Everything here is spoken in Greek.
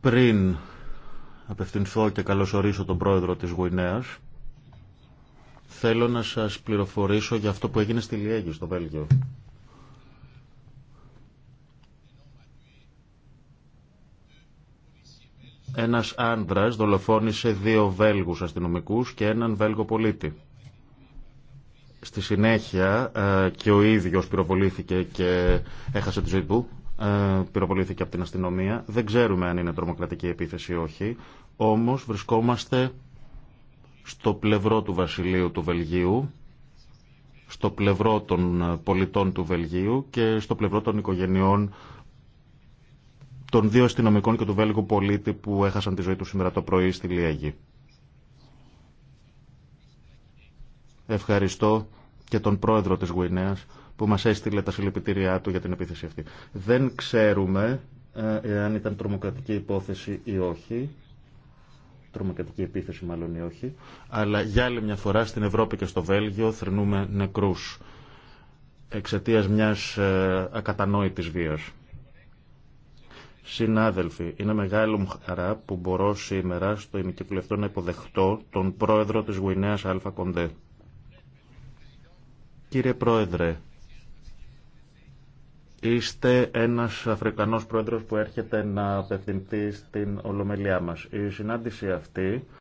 πριν απευθυνθώ και καλωσορίσω τον πρόεδρο της Γουινέας, θέλω να σας πληροφορήσω για αυτό που έγινε στη Λιέγη, στο Βέλγιο. Ένας άντρας δολοφόνησε δύο Βέλγους αστυνομικούς και έναν Βέλγο πολίτη. Στη συνέχεια ε, και ο ίδιος πυροβολήθηκε και έχασε τη ζωή του. Ε, πυροβολήθηκε από την αστυνομία. Δεν ξέρουμε αν είναι τρομοκρατική επίθεση ή όχι. Όμως βρισκόμαστε στο πλευρό του βασιλείου του Βελγίου, στο πλευρό των πολιτών του Βελγίου και στο πλευρό των οικογενειών των δύο αστυνομικών και του Βέλγου πολίτη που έχασαν τη ζωή του σήμερα το πρωί στη Λιέγη. Ευχαριστώ και τον πρόεδρο της Γουινέας που μας έστειλε τα συλληπιτήριά του για την επίθεση αυτή. Δεν ξέρουμε αν ε, ήταν τρομοκρατική υπόθεση ή όχι τρομοκρατική επίθεση μάλλον ή όχι, αλλά για άλλη μια φορά στην Ευρώπη και στο Βέλγιο θρυνούμε νεκρούς εξαιτία μιας ε, ακατανόητης βίας. Συνάδελφοι, είναι μεγάλο μου χαρά που μπορώ σήμερα στο ημικυκλευτό να υποδεχτώ τον πρόεδρο της Γουινέας Αλφα Κοντέ. Κύριε Πρόεδρε, είστε ένας Αφρικανός Πρόεδρος που έρχεται να απευθυνθεί στην Ολομελιά μας. Η συνάντηση αυτή